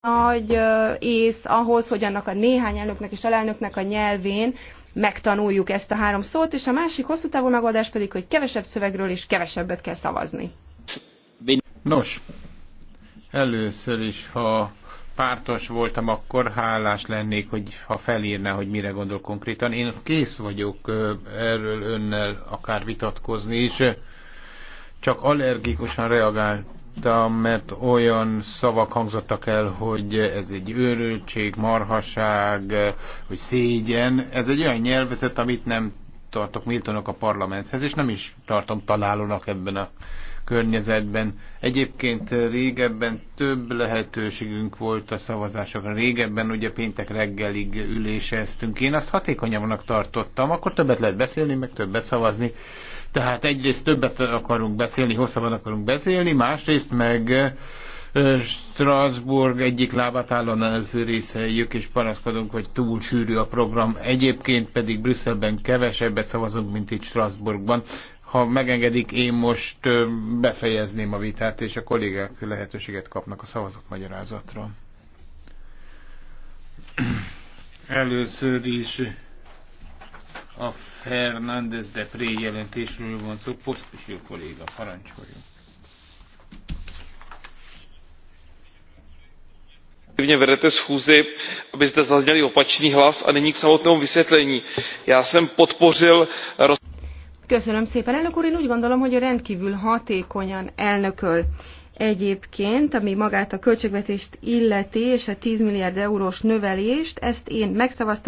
nagy ész ahhoz, hogy annak a néhány elnöknek és alelnöknek a nyelvén megtanuljuk ezt a három szót, és a másik hosszú távú megoldás pedig, hogy kevesebb szövegről és kevesebbet kell szavazni. Nos, először is, ha pártos voltam, akkor hálás lennék, hogy ha felírná, hogy mire gondol konkrétan. Én kész vagyok erről önnel akár vitatkozni és csak allergikusan reagál hallottam, mert olyan szavak hangzottak el, hogy ez egy őrültség, marhaság, hogy szégyen. Ez egy olyan nyelvezet, amit nem tartok méltónak a parlamenthez, és nem is tartom találónak ebben a környezetben. Egyébként régebben több lehetőségünk volt a szavazásokra. Régebben ugye péntek reggelig üléseztünk. Én azt hatékonyabbnak tartottam, akkor többet lehet beszélni, meg többet szavazni. Tehát egyrészt többet akarunk beszélni, hosszabban akarunk beszélni, másrészt meg Strasbourg egyik lábát állon elfűrészeljük, és panaszkodunk, hogy túl sűrű a program. Egyébként pedig Brüsszelben kevesebbet szavazunk, mint itt Strasbourgban. Ha megengedik, én most befejezném a vitát, és a kollégák lehetőséget kapnak a szavazat magyarázatra. Először is a Fernández de Pré jelentésről van szó, Posztusil kolléga, parancsoljon. aktivně vedete schůzi abyste zazněli opačný hlas a nyní k samotnému vysvětlení. já jsem podpořil Köszönöm szépen, elnök úr, én úgy gondolom, hogy rendkívül hatékonyan elnököl. Egyébként, ami magát a költségvetést illeti, és a 10 milliárd eurós növelést, ezt én megszavaztam.